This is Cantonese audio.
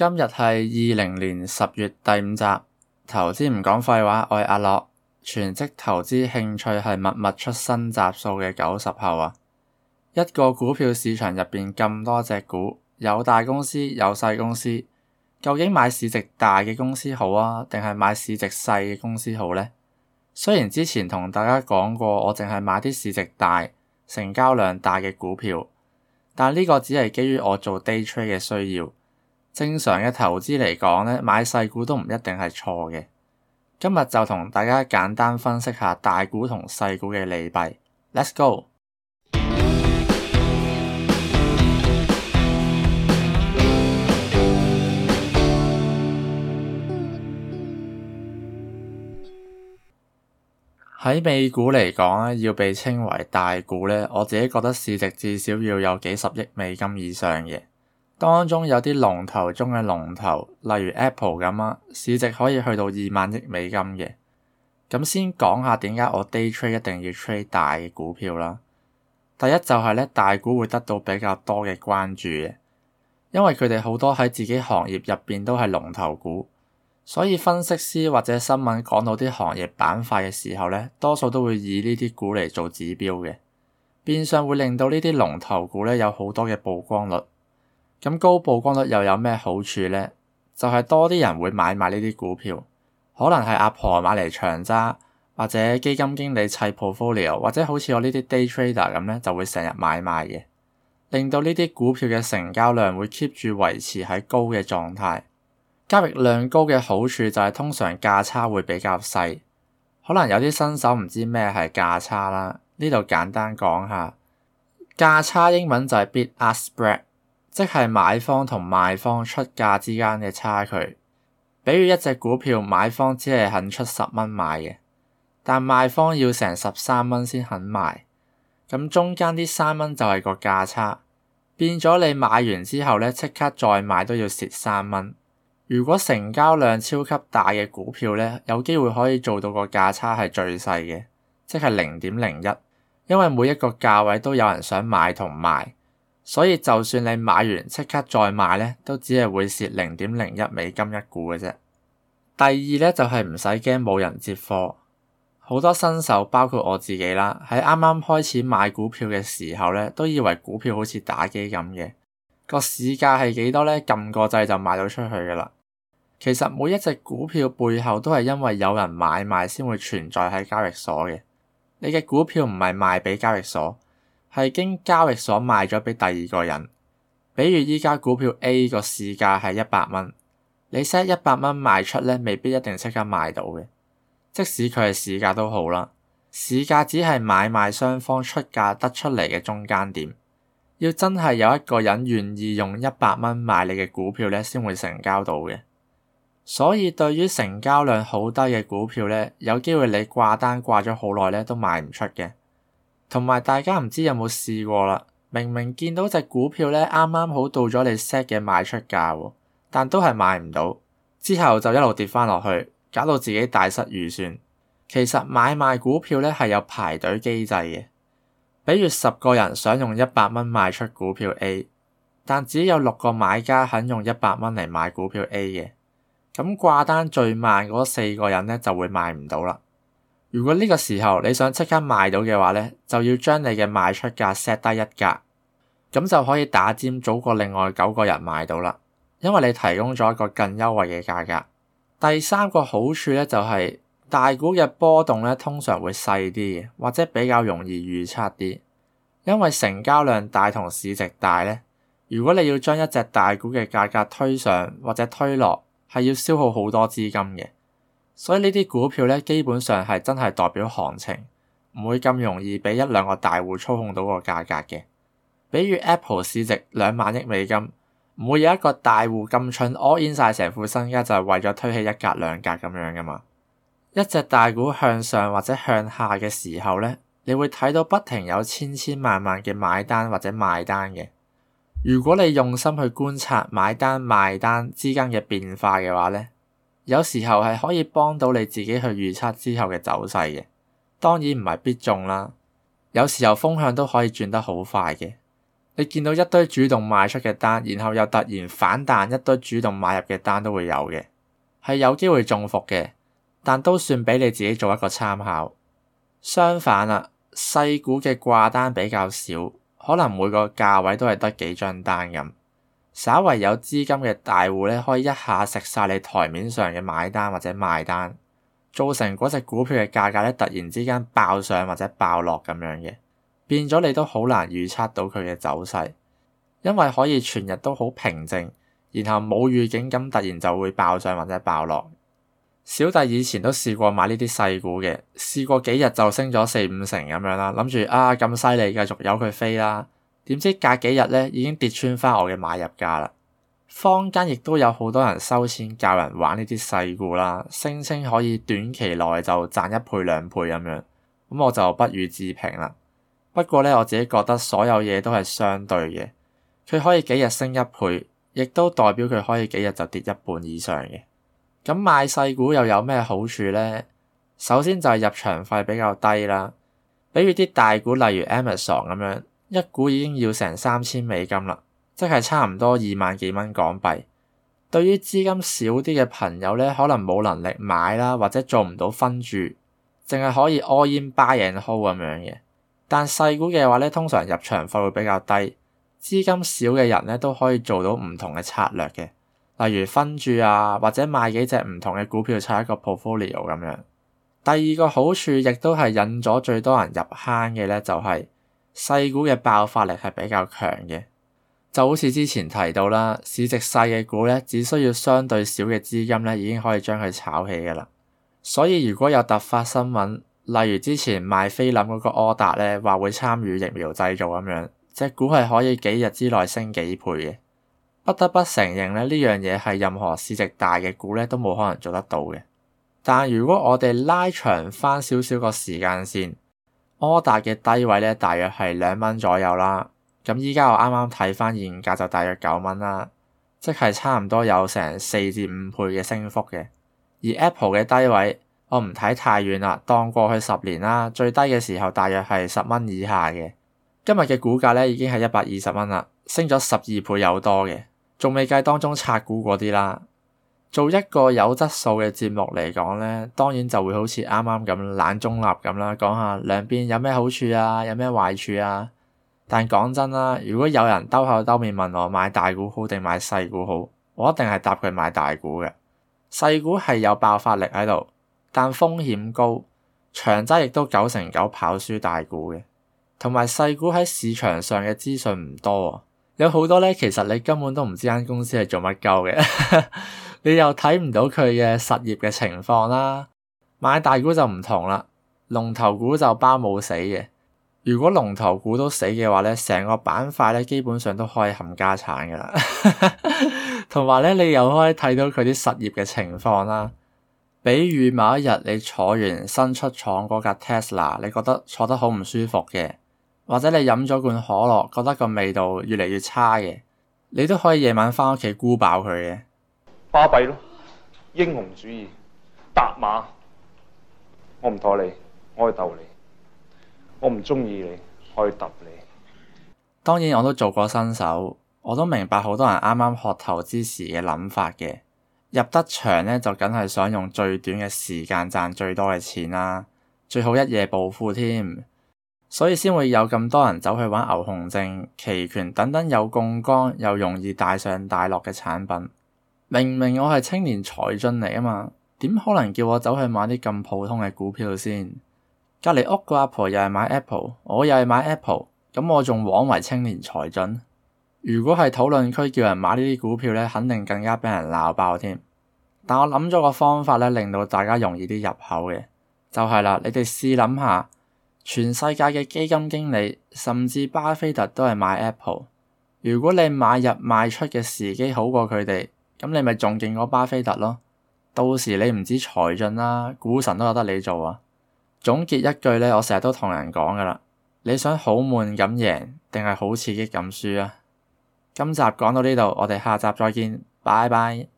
今日係二零年十月第五集，投資唔講廢話。我係阿樂，全職投資，興趣係密密出新集數嘅九十後啊。一個股票市場入邊咁多隻股，有大公司，有細公司，究竟買市值大嘅公司好啊，定係買市值細嘅公司好呢？雖然之前同大家講過，我淨係買啲市值大、成交量大嘅股票，但呢個只係基於我做 day trade 嘅需要。正常嘅投資嚟講咧，買細股都唔一定係錯嘅。今日就同大家簡單分析下大股同細股嘅利弊。Let's go！喺美股嚟講咧，要被稱為大股呢，我自己覺得市值至少要有幾十億美金以上嘅。當中有啲龍頭中嘅龍頭，例如 Apple 咁啊，市值可以去到二萬億美金嘅。咁先講下點解我 day trade 一定要 trade 大嘅股票啦。第一就係咧，大股會得到比較多嘅關注嘅，因為佢哋好多喺自己行業入邊都係龍頭股，所以分析師或者新聞講到啲行業板塊嘅時候咧，多數都會以呢啲股嚟做指標嘅，變相會令到呢啲龍頭股咧有好多嘅曝光率。咁高曝光率又有咩好處呢？就係多啲人會買賣呢啲股票，可能係阿婆買嚟長揸，或者基金經理砌 portfolio，或者好似我呢啲 day trader 咁咧，就會成日買賣嘅，令到呢啲股票嘅成交量會 keep 住維持喺高嘅狀態。交易量高嘅好處就係通常價差會比較細，可能有啲新手唔知咩係價差啦。呢度簡單講下價差，英文就係 bid ask spread。即係買方同賣方出價之間嘅差距。比如一隻股票買方只係肯出十蚊買嘅，但賣方要成十三蚊先肯賣。咁中間啲三蚊就係個價差，變咗你買完之後咧，即刻再買都要蝕三蚊。如果成交量超級大嘅股票咧，有機會可以做到個價差係最細嘅，即係零點零一，因為每一個價位都有人想買同賣。所以就算你買完即刻再賣咧，都只係會蝕零點零一美金一股嘅啫。第二咧就係唔使驚冇人接貨，好多新手包括我自己啦，喺啱啱開始買股票嘅時候咧，都以為股票好似打機咁嘅，個市價係幾多咧，撳個掣就賣到出去㗎喇。其實每一隻股票背後都係因為有人買賣先會存在喺交易所嘅，你嘅股票唔係賣俾交易所。係經交易所賣咗俾第二個人，比如依家股票 A 個市價係一百蚊，你 set 一百蚊賣出咧，未必一定即刻賣到嘅。即使佢係市價都好啦，市價只係買賣雙方出價得出嚟嘅中間點，要真係有一個人願意用一百蚊賣你嘅股票咧，先會成交到嘅。所以對於成交量好低嘅股票咧，有機會你掛單掛咗好耐咧，都賣唔出嘅。同埋大家唔知有冇試過啦，明明見到隻股票咧，啱啱好到咗你 set 嘅賣出價喎，但都係買唔到，之後就一路跌翻落去，搞到自己大失預算。其實買賣股票咧係有排隊機制嘅，比如十個人想用一百蚊賣出股票 A，但只有六個買家肯用一百蚊嚟買股票 A 嘅，咁掛單最慢嗰四個人咧就會買唔到啦。如果呢個時候你想即刻賣到嘅話咧，就要將你嘅賣出價 set 低一格，咁就可以打尖早過另外九個人買到啦。因為你提供咗一個更優惠嘅價格。第三個好處咧就係大股嘅波動咧通常會細啲，或者比較容易預測啲，因為成交量大同市值大咧。如果你要將一隻大股嘅價格推上或者推落，係要消耗好多資金嘅。所以呢啲股票咧，基本上係真係代表行情，唔會咁容易俾一兩個大戶操控到個價格嘅。比如 Apple 市值兩萬億美金，唔會有一個大戶咁蠢，all in 晒成副身家就係為咗推起一格兩格咁樣噶嘛。一隻大股向上或者向下嘅時候咧，你會睇到不停有千千萬萬嘅買單或者賣單嘅。如果你用心去觀察買單賣單之間嘅變化嘅話咧，有時候係可以幫到你自己去預測之後嘅走勢嘅，當然唔係必中啦。有時候風向都可以轉得好快嘅，你見到一堆主動賣出嘅單，然後又突然反彈一堆主動買入嘅單都會有嘅，係有機會中伏嘅，但都算俾你自己做一個參考。相反啦、啊，細股嘅掛單比較少，可能每個價位都係得幾張單咁。稍為有資金嘅大戶咧，可以一下食晒你台面上嘅買單或者賣單，造成嗰隻股票嘅價格咧突然之間爆上或者爆落咁樣嘅，變咗你都好難預測到佢嘅走勢，因為可以全日都好平靜，然後冇預警咁突然就會爆上或者爆落。小弟以前都試過買呢啲細股嘅，試過幾日就升咗四五成咁樣啦，諗住啊，咁犀利，繼續由佢飛啦。點知隔幾日咧，已經跌穿翻我嘅買入價啦。坊間亦都有好多人收錢教人玩呢啲細股啦，聲稱可以短期內就賺一倍兩倍咁樣。咁我就不予置評啦。不過咧，我自己覺得所有嘢都係相對嘅，佢可以幾日升一倍，亦都代表佢可以幾日就跌一半以上嘅。咁買細股又有咩好處呢？首先就係入場費比較低啦，比如啲大股，例如 Amazon 咁樣。一股已經要成三千美金啦，即係差唔多二萬幾蚊港幣。對於資金少啲嘅朋友咧，可能冇能力買啦，或者做唔到分注，淨係可以 all in buy and hold 咁樣嘅。但細股嘅話咧，通常入場費會比較低，資金少嘅人咧都可以做到唔同嘅策略嘅，例如分注啊，或者買幾隻唔同嘅股票砌一個 portfolio 咁樣。第二個好處，亦都係引咗最多人入坑嘅咧，就係、是。細股嘅爆發力係比較強嘅，就好似之前提到啦，市值細嘅股咧，只需要相對少嘅資金咧，已經可以將佢炒起噶啦。所以如果有突發新聞，例如之前賣菲林嗰個柯達咧，話會參與疫苗製造咁樣，隻股係可以幾日之內升幾倍嘅。不得不承認咧，呢樣嘢係任何市值大嘅股咧，都冇可能做得到嘅。但如果我哋拉長翻少少個時間線。摩達嘅低位咧，大約係兩蚊左右啦。咁依家我啱啱睇翻現價就大約九蚊啦，即係差唔多有成四至五倍嘅升幅嘅。而 Apple 嘅低位，我唔睇太遠啦，當過去十年啦，最低嘅時候大約係十蚊以下嘅。今日嘅股價咧已經係一百二十蚊啦，升咗十二倍有多嘅，仲未計當中拆股嗰啲啦。做一個有質素嘅節目嚟講呢，當然就會好似啱啱咁懶中立咁啦，講下兩邊有咩好處啊，有咩壞處啊。但講真啦，如果有人兜口兜面問我買大股好定買細股好，我一定係答佢買大股嘅。細股係有爆發力喺度，但風險高，長揸亦都九成九跑輸大股嘅。同埋細股喺市場上嘅資訊唔多，有好多呢，其實你根本都唔知間公司係做乜鳩嘅。 你又睇唔到佢嘅實業嘅情況啦。買大股就唔同啦，龍頭股就包冇死嘅。如果龍頭股都死嘅話咧，成個板塊咧基本上都可以冚家產噶啦。同埋咧，你又可以睇到佢啲實業嘅情況啦。比如某一日你坐完新出廠嗰架 Tesla，你覺得坐得好唔舒服嘅，或者你飲咗罐可樂，覺得個味道越嚟越差嘅，你都可以夜晚返屋企估爆佢嘅。巴閉咯，英雄主義，揼馬。我唔妥你，我係鬥你。我唔鍾意你，我可以揼你。當然我都做過新手，我都明白好多人啱啱學投資時嘅諗法嘅。入得場咧，就梗係想用最短嘅時間賺最多嘅錢啦，最好一夜暴富添。所以先會有咁多人走去玩牛熊證、期權等等有槓桿又容易大上大落嘅產品。明明我係青年才俊嚟啊嘛，點可能叫我走去買啲咁普通嘅股票先？隔籬屋個阿婆又係買 Apple，我又係買 Apple，咁我仲枉為青年才俊。如果係討論區叫人買呢啲股票咧，肯定更加畀人鬧爆添。但我諗咗個方法咧，令到大家容易啲入口嘅就係、是、啦，你哋試諗下，全世界嘅基金經理甚至巴菲特都係買 Apple。如果你買入賣出嘅時機好過佢哋，咁你咪仲勁過巴菲特咯？到時你唔止財進啦，股神都有得你做啊！總結一句咧，我成日都同人講噶啦，你想好悶咁贏定係好刺激咁輸啊？今集講到呢度，我哋下集再見，拜拜。